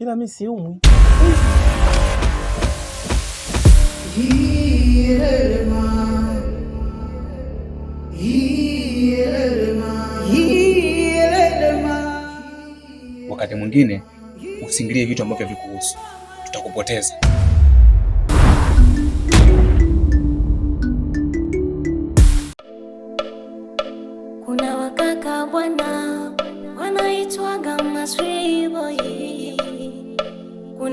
ila mi siumwi. Wakati mwingine usingilie vitu ambavyo vikuhusu, tutakupoteza.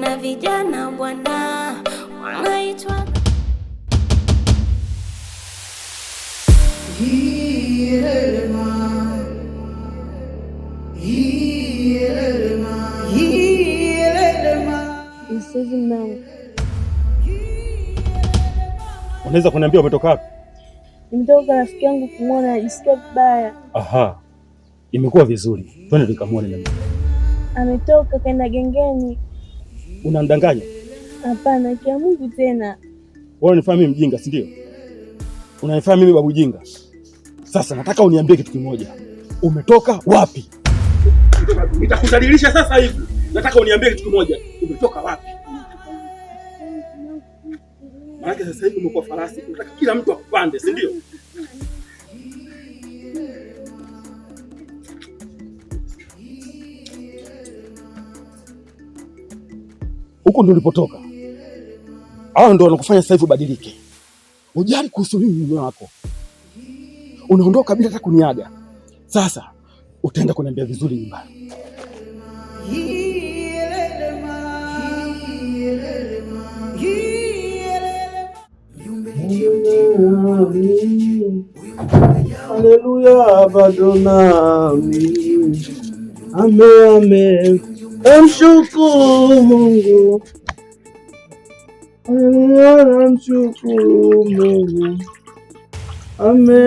na vijana bwana wanaitwa Unaweza kuniambia umetoka wapi? Nimetoka rafiki yangu kumwona, ajisikia vibaya. Aha, imekuwa vizuri, twende tukamwone. Ametoka kaenda gengeni. Unamdanganya? Hapana, kia Mungu tena. Wewe unanifanya mimi mjinga, si ndio? Unanifahamu mimi babu jinga. Sasa nataka uniambie kitu kimoja, umetoka wapi? Nitakudalilisha sasa hivi. Nataka uniambie kitu kimoja, umetoka wapi? Maana sasa hivi umekuwa farasi, unataka kila mtu akupande, si ndio? huko ndio ulipotoka. Hao ndio wanakufanya sasa hivi ubadilike, ujali kuhusu mimi wako, unaondoka bila hata kuniaga. Sasa utaenda kuniambia vizuri nyumbani. Haleluya, bado nami ame ame I'm I'm so so cool, cool, Mungu. am so cool, ame.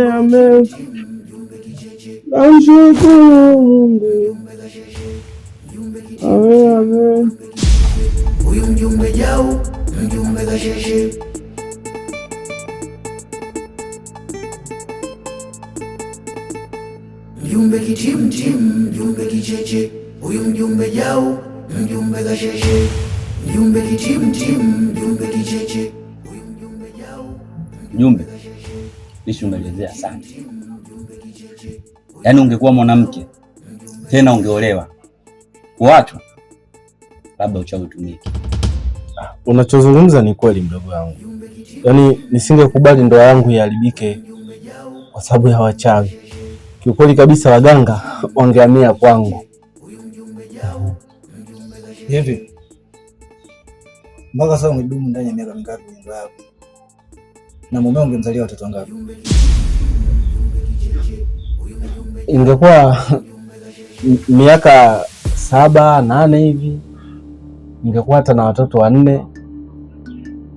Namshukuru Mungu. Ame, ame. Huyu mjumbe Jau, mjumbe Kasheshe. Mjumbe Kichimchim, mjumbe Kicheche. huyu mjumbe Jau, mjumbe Gasheshe, mjumbe Kitimtimu, mjumbe Kicheche, huyu mjumbe Jau, mjumbe ishi. Umeelezea sana, yaani ungekuwa mwanamke tena ungeolewa watu labda uchawi utumiki. Ah, unachozungumza ni kweli mdogo wangu, yaani nisingekubali ndoa yangu iharibike kwa sababu ya wachawi. Kiukweli kabisa, waganga wangehamia kwangu. Hivi mpaka sasa umedumu ndani ya miaka mingapi nyumba yako? Na mumeo ungemzalia watoto wangapi? Ingekuwa miaka saba nane hivi, ningekuwa hata na watoto wanne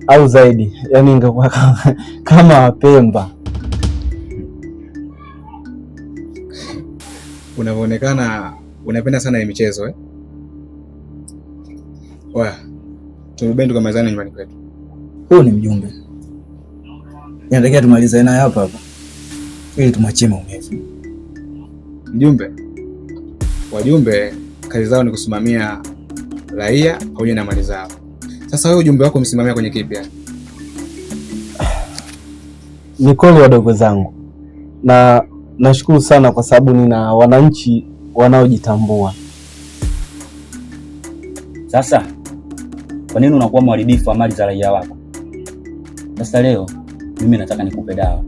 au zaidi, yaani ingekuwa kama, kama Wapemba. Unavyoonekana unapenda sana michezo eh? Oya, turubeni tukamalizane nyumbani kwetu. Huyu ni mjumbe, inatakiwa tumalizane naye hapa hapa ili tumwachie maumivu. Mjumbe, wajumbe kazi zao ni kusimamia raia pamoja na mali zao. Sasa wewe ujumbe wako umesimamia kwenye kipi? Ni kweli wadogo zangu, na nashukuru sana kwa sababu nina wananchi wanaojitambua. Sasa kwa nini unakuwa mharibifu wa mali za raia wako? Sasa leo mimi nataka nikupe dawa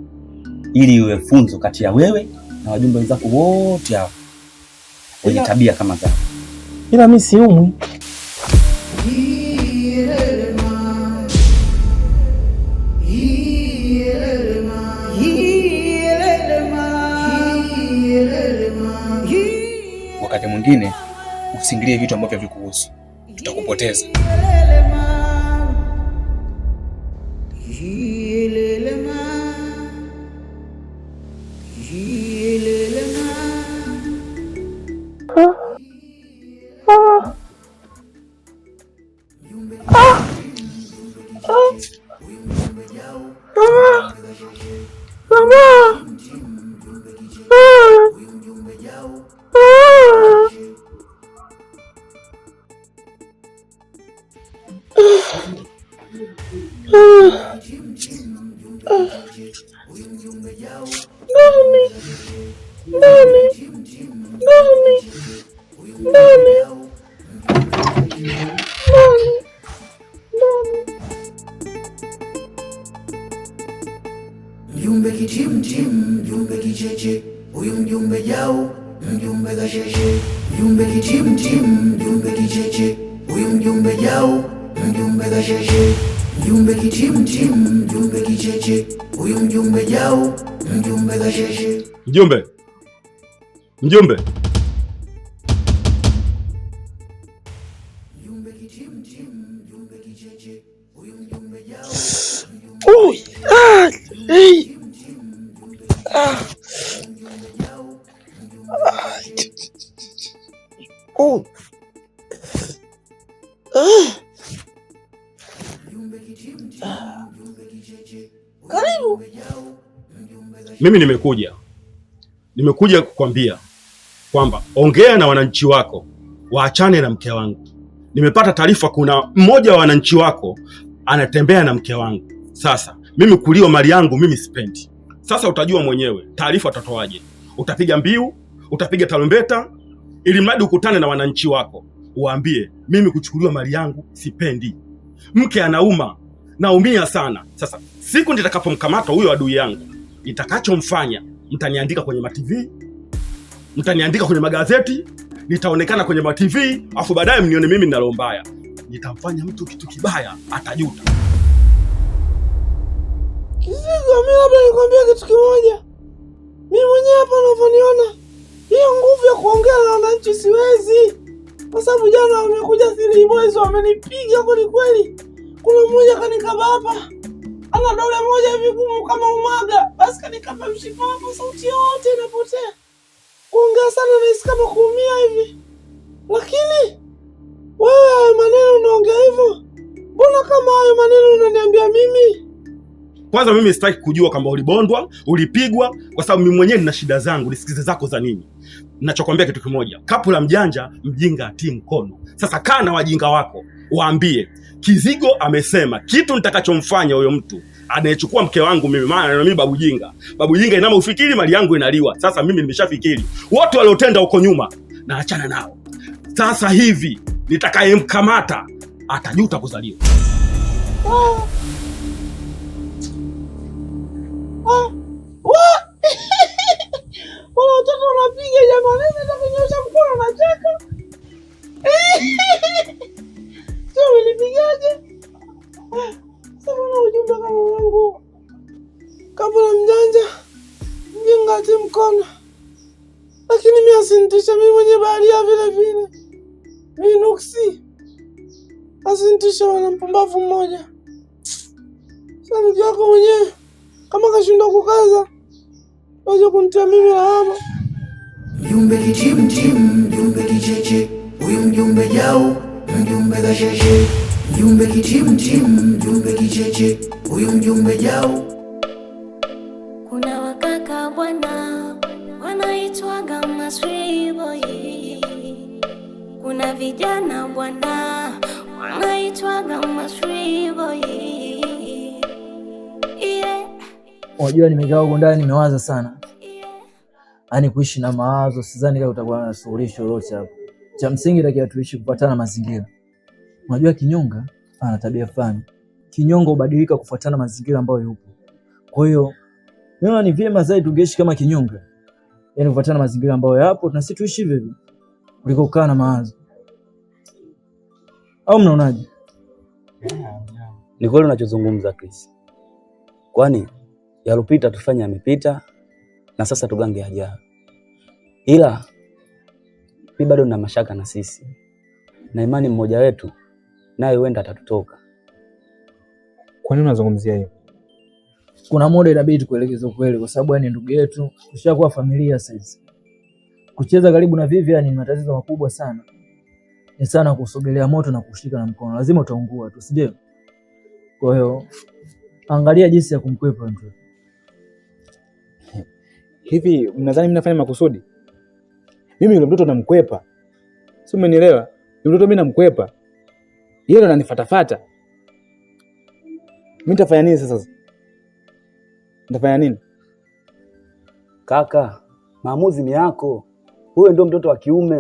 ili iwe funzo kati ya wewe na wajumbe wenzako wote hao wenye tabia kama zako. Ila mimi siumwi. Wakati mwingine usingilie vitu ambavyo vikuhusu tutakupoteza. mjumbe kitimtim mjumbe kicheche, huyu mjumbe Jau, mjumbe Kasheshe. Mjumbe kitimtimu, mjumbe kicheche, huyu mjumbe Jau, mjumbe Kasheshe. Mjumbe kitimtim mjumbe kicheche, huyu mjumbe Jau, mjumbe Kasheshe. Mjumbe, mjumbe mimi nimekuja nimekuja kukwambia kwamba ongea na wananchi wako waachane na mke wangu. Nimepata taarifa kuna mmoja wa wananchi wako anatembea na mke wangu. Sasa mimi kulio mali yangu mimi sipendi. Sasa utajua mwenyewe taarifa utatoaje. Utapiga mbiu, utapiga tarumbeta, ili mradi ukutane na wananchi wako uwaambie, mimi kuchukuliwa mali yangu sipendi. Mke anauma, naumia sana. Sasa Siku nitakapomkamata huyo adui yangu, nitakachomfanya mtaniandika kwenye matv mtaniandika kwenye magazeti, nitaonekana kwenye matv, afu baadaye mnione mimi ninalo mbaya. Nitamfanya mtu kitu kibaya, atajuta. Kizigo, mi labda nikwambia kitu kimoja. Mi mwenyewe hapa navyoniona, hiyo nguvu ya kuongea na wananchi siwezi, kwa sababu jana wamekuja siri Boys wamenipiga kweli kweli. Kuna mmoja kanikaba hapa ana dole moja vigumu kama umaga, basi kanikapa mshipa hapo, sauti yote inapotea. Kuongea sana nahisi kama kuumia hivi. Lakini wewe maneno unaongea hivyo, mbona kama hayo maneno unaniambia mimi? Kwanza mimi sitaki kujua kwamba ulibondwa, ulipigwa, kwa sababu mimi mwenyewe nina shida zangu. Nisikize zako za nini? Nachokwambia kitu kimoja, kapu la mjanja, mjinga atii mkono. Sasa kaa na wajinga wako, waambie Kizigo amesema kitu nitakachomfanya huyo mtu anayechukua mke wangu mimi, maana mimi babu jinga, babu jinga inama ufikiri mali yangu inaliwa. Sasa mimi nimeshafikiri wote waliotenda huko nyuma, na achana nao sasa hivi. Nitakayemkamata atajuta kuzaliwa. Watoto wanapiga jamani, mkono Amenipigaje samana ujumbe kama wangu kabla mjanja mjinga ati mkono, lakini mimi asintisha mimi mwenye baharia vile vile mimi nuksi asintisha wana mpumbavu mmoja. Sasa mtu wako mwenyewe kama kashindwa kukaza aje kumtia mimi lawama. jumbe kichimchim, jumbe kicheche, huyu mjumbe jao mjumbe kasheshe, mjumbe kitimtimu, mjumbe kicheche, huyu mjumbe Jau. Kuna wakaka bwana wanaitwaga maswiboi, kuna vijana bwana wanaitwaga maswiboi. Unajua, nimekaa huko ndani nimewaza sana, yaani kuishi na mawazo, sidhani kama utakuwa na suluhisho lolote hapo. Cha msingi takiwa tuishi kufuatana na mazingira. Unajua kinyonga ana ah, tabia fulani, kinyonga hubadilika kufuatana na mazingira ambayo yupo. Kwa hiyo naona ni vyema zaidi tungeishi kama kinyonga, yani kufuatana na mazingira ambayo yapo, na sisi tuishi hivyo hivyo kuliko kukaa na mawazo, au mnaonaje? Ni kweli unachozungumza Chris, kwani yalopita tufanye yamepita, na sasa tugange ajayo ila mi bado na mashaka na sisi, na imani mmoja wetu naye huenda atatutoka. Kwa nini unazungumzia hiyo? Kuna muda inabidi tukuelekeze ukweli, kwa sababu yani ndugu yetu tushakuwa familia sasa. Kucheza karibu na Vivian yaani ni matatizo makubwa sana, ni sana kusogelea moto na kushika na mkono, lazima utaungua tu, sije? Kwa hiyo angalia jinsi ya kumkwepa mtu. Hivi mnadhani mnafanya makusudi? mimi yule mtoto namkwepa, si umenielewa? Yule mtoto mimi namkwepa, yeye ndo ananifatafata mimi. Nitafanya nini sasa? Nitafanya nini kaka? Maamuzi ni yako. Wewe ndio mtoto wa kiume,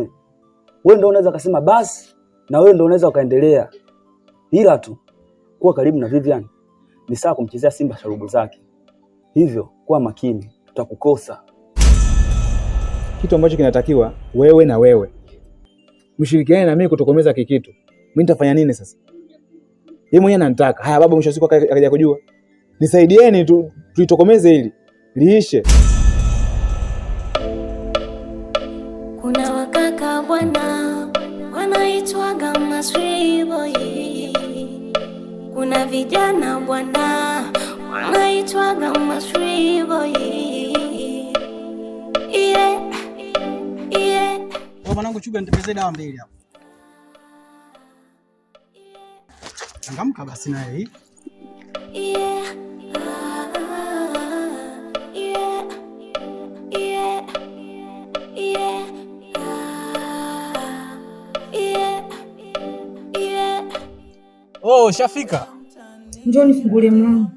wewe ndio unaweza kusema basi, na wewe ndio unaweza ukaendelea, ila tu kuwa karibu na Vivian ni sawa kumchezea simba sharubu zake, hivyo kuwa makini, tutakukosa kitu ambacho kinatakiwa wewe na wewe mshirikiane na mimi kutokomeza kikitu. Mimi nitafanya nini sasa? Yeye mwenyewe anataka Haya baba, mwisho siku akaja kujua. Nisaidieni tu tuitokomeze hili. Liishe. Kuna wakaka bwana wanaitwa kama Kuna vijana bwana wanaitwa kama sweet boy. mwanangu Chuga, dawa mbili hapo. Changamka basi naye hii. Oh, shafika. Njoo nifungulie mlango.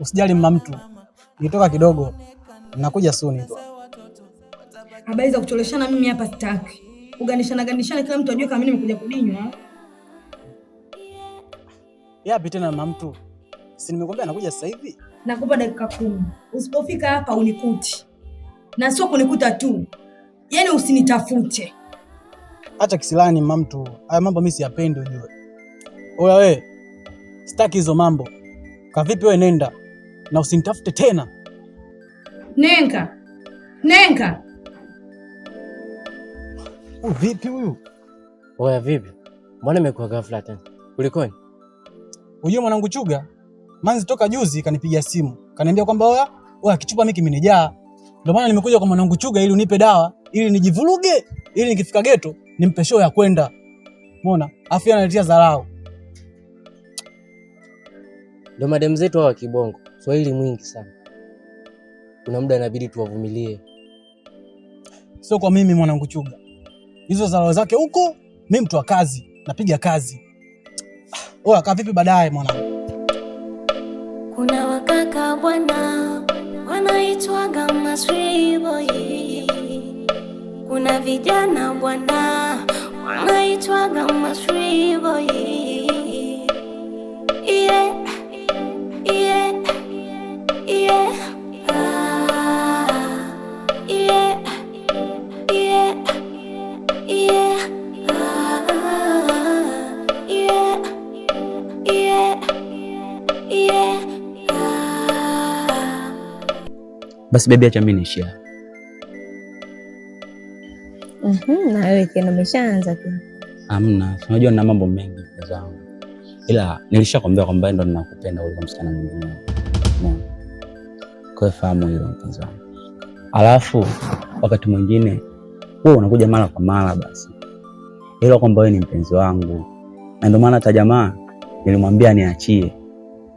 Usijali mma mtu. Nitoka kidogo. nakuja suni tu. Habari za kucholeshana mimi hapa sitaki. Uganishana ganishana kila mtu ajue kama mimi nimekuja kudinywa. Yapi tena mama mtu? Si nimekwambia nakuja sasa hivi. Nakupa dakika kumi. Usipofika hapa unikuti. Na sio kunikuta tu. Yaani usinitafute. Acha kisilani mama mtu. Haya mambo mimi siyapendi ujue. Oya wewe. Sitaki hizo mambo. Kavipi wewe nenda. Na usinitafute tena. Nenga. Nenga. Vipi huyu? Oya, vipi? Mbona imekuwa ghafla tena? Kulikoni? Unajua mwanangu Chuga, manzi toka juzi kanipigia simu. Kaniambia kwamba oya, oya kichupa mimi kimenijaa. Ndio maana nimekuja kwa mwanangu Chuga ili unipe dawa, ili nijivuruge, ili nikifika geto nimpe show ya kwenda. Umeona? Afya analetea dharau. Ndio madem zetu hawa kibongo, Swahili mwingi sana. Kuna muda inabidi tuwavumilie. Sio kwa mimi mwanangu Chuga hizo za zake huko. Mi mtu wa kazi, napiga kazi. Oya, ah, kaa vipi baadaye mwanangu. Kuna wakaka bwana wanaitwaga maswiboi, kuna vijana bwana Basi bebi, acha mimi niishia. Mhm, na wewe tena umeshaanza tu. Hamna, unajua nina mambo mengi zangu. Ila nilishakwambia kwamba ndo ninakupenda kuliko msichana mwingine. Kwa fahamu hilo mpenzi wangu. Alafu wakati mwingine wewe unakuja mara kwa mara basi. Ila kwamba wewe ni mpenzi wangu. Na ndio maana hata jamaa nilimwambia niachie.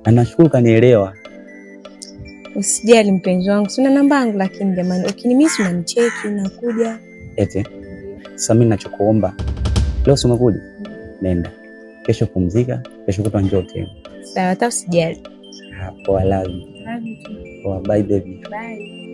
Na nashukuru kanielewa. Usijali mpenzi wangu, sina namba yangu, lakini jamani, ukinimisi unanicheki, nakuja. Eti sasa mimi ninachokuomba leo, simekuja nenda kesho, pumzika, kesho kutwa njoo tena. Sawa, hata usijali. Ah, poa, love you. Love you. Poa, bye baby. Bye.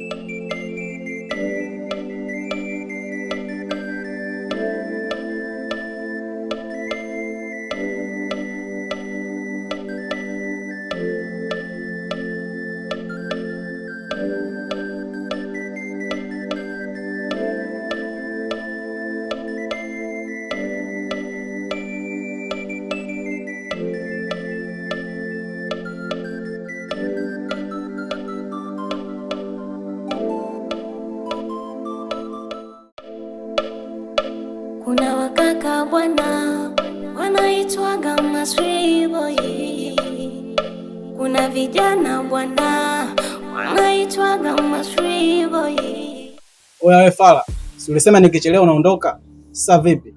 wewe Fala, si ulisema nikichelewa unaondoka? Sasa vipi?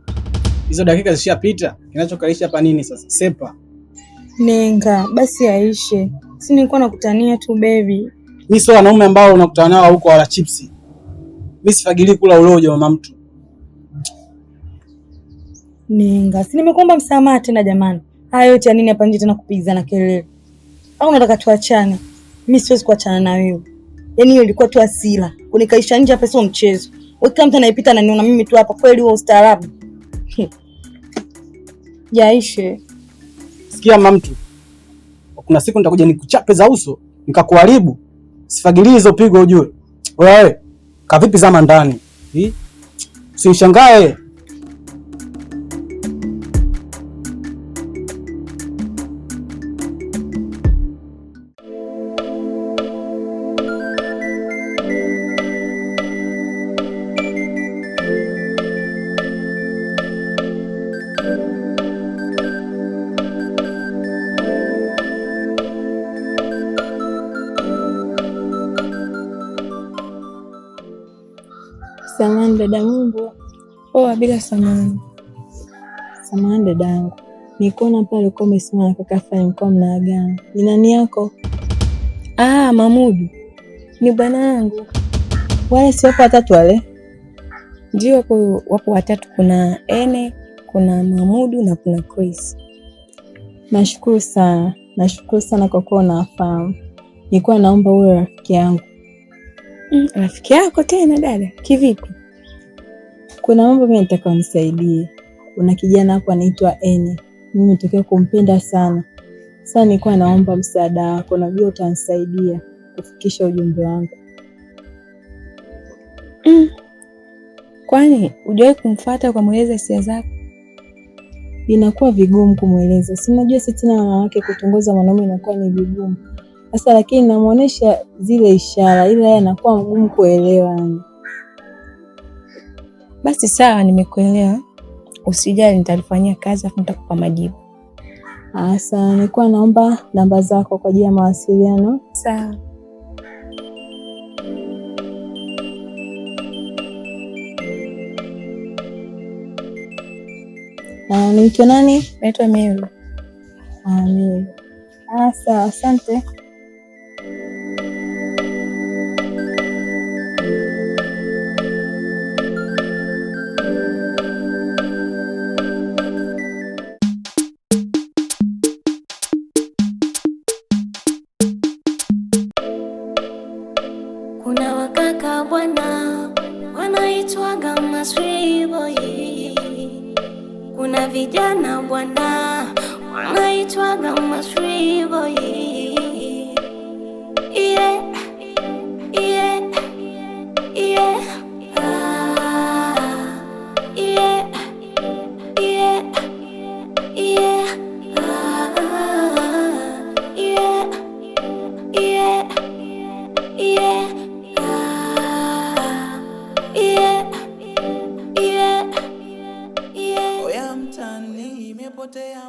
Hizo dakika zishapita, kinachokalisha hapa nini sasa? Sepa. Nenga, basi aishe. Si nilikuwa nakutania tu baby. Mimi sio wanaume ambao unakutana nao huko wala chipsi. Mimi sifagili kula uloja mama mtu. Nenga, si nimekuomba msamaha tena jamani. Hayo yote ya nini hapa nje tena na kelele? Au unataka tuachane? Mimi siwezi kuachana na wewe. Yaani hiyo ilikuwa tu asila unikaisha nje hapa sio mchezo. Wewe kama mtu anayepita ananiona mimi tu hapa, kweli wewe ustaarabu. Jaishe. Sikia mama mtu. Kuna siku nitakuja nikuchape za uso, nikakuharibu. Sifagilie hizo pigo ujue. Wewe kavipi zama ndani? Usinishangae. samani. Samani dadangu, nikuona pale ulikuwa umesimama na kaka Fai, mlikuwa mnaagana. Ni nani yako? Ah, Mamudu ni bwana yangu. Wale si wapo watatu wale? Ndio, wapo wapo watatu, kuna Ene, kuna Mamudu na kuna Chris. Nashukuru sana, nashukuru sana kwa kuwa unawafahamu. Nilikuwa naomba uwe rafiki yangu. Mm, rafiki yako tena dada? Kivipi? Kuna mambo mimi nataka unisaidie. Kuna kijana hapo anaitwa Eni, mimi natakiwa kumpenda sana. Sasa nilikuwa naomba msaada wako, najua utanisaidia kufikisha ujumbe wangu. Mm. Kwani hujawahi kumfuata ukamweleza hisia zako? Inakuwa vigumu kumweleza, si unajua sisi tena wanawake kutongoza mwanaume inakuwa ni vigumu sasa, lakini namwonyesha zile ishara, ila yeye anakuwa mgumu kuelewa. Basi sawa, nimekuelewa. Usijali, nitalifanyia kazi afu nitakupa majibu. Sawa, nilikuwa naomba namba zako kwa ajili ya mawasiliano. Sawa. Na ah, ni nani? Naitwa Mary. Ah, Mary. sawa, asante.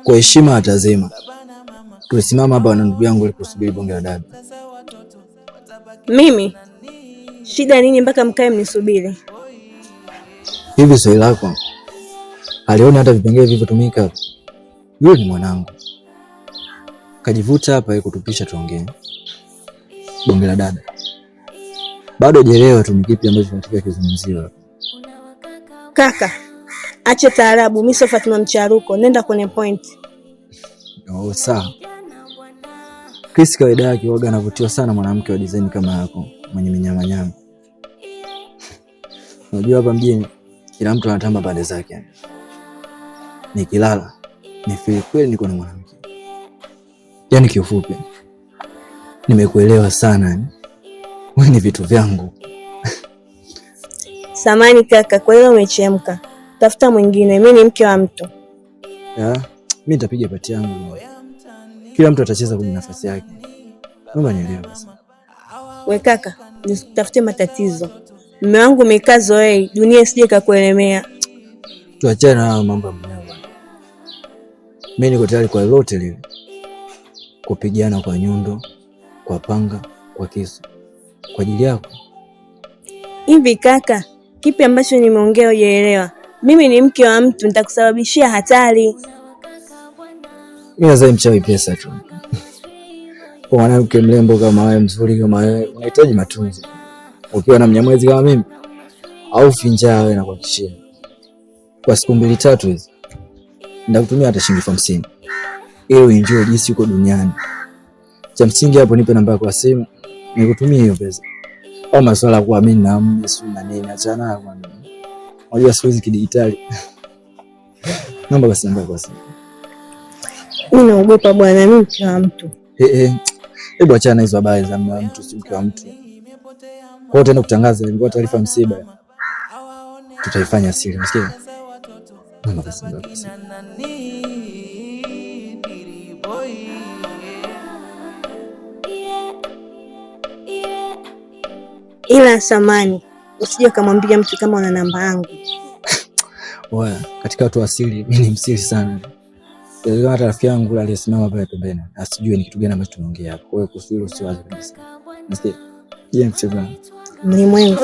Kwa heshima atazema tulisimama hapa na ndugu yangu kusubiri bonge la dabi. Mimi shida nini mpaka mkae mnisubiri hivi? Swali lako aliona hata vipengele vilivyotumika. Yule ni mwanangu, kajivuta hapa kutupisha tuongee bonge la dada. Bado hajaelewa tu ni kipi ambacho tunataka kaka ache taarabu. Mimi sio Fatuma Mcharuko, nenda kwenye point. Oh, sawa. Chris kawaida yake waga anavutiwa sana mwanamke wa design kama yako mwenye minyamanyama. Unajua hapa mjini kila mtu anatamba pande zake. Nikilala feel kweli niko na mwanamke. Yaani kiufupi nimekuelewa sana, yaani. wewe ni vitu vyangu. Samani kaka, kwa hiyo umechemka tafuta mwingine, mi ni mke wa mtu. Mi nitapiga pati yangu, kila mtu atacheza kwenye nafasi yake. Naomba nielewe basi. We kaka, nitafute matatizo. mme wangu umekaa zoei, dunia sije kakuelemea. Tuachane na mambo ya mnyama. Mi niko tayari kwa lolote lile, kupigana kwa nyundo, kwa panga, kwa kisu, kwa ajili yako. Hivi kaka, kipi ambacho nimeongea hujaelewa? mimi ni mke wa mtu, nitakusababishia hatari. Mimi nazai mchawi pesa tu. Kwa mwanamke mrembo kama wewe, mzuri kama wewe, unahitaji matunzo. Ukiwa na mnyamwezi kama mimi au finjaa wewe, nakuhakikishia kwa siku mbili tatu hizi nitakutumia hata shilingi elfu hamsini ili uinjie jinsi uko duniani. Cha msingi hapo, nipe namba yako ya simu nikutumie hiyo pesa, au maswala ya kuamini na mimi sio na nini, achana nayo. Unajua sikuhizi hizi kidijitali. Naomba basi, naomba basi. Mimi naogopa bwana, mimi mke wa mtu. Eh eh. Hebu achana hizo habari za mtu si mke wa mtu. Kwa tena kutangaza ilikuwa taarifa msiba. Tutaifanya siri, msikia? Naomba basi, naomba basi. Ila samani usije ukamwambia mtu kama una namba yangu. Oya, katika watu asili mimi ni msiri sana. Yaani hata rafiki yangu aliyesimama pale pembeni asijue ni kitu gani ambacho tunaongea hapa. Kwa hiyo kusiri usiwaze kabisa. Nasikia? Je, mcheza? Mlimwengu.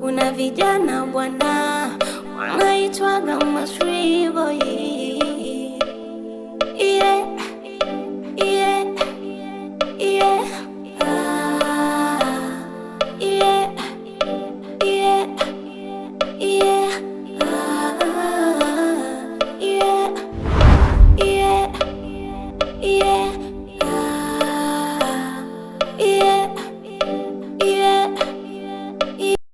Kuna vijana bwana wanaitwa kama Sweet Boy.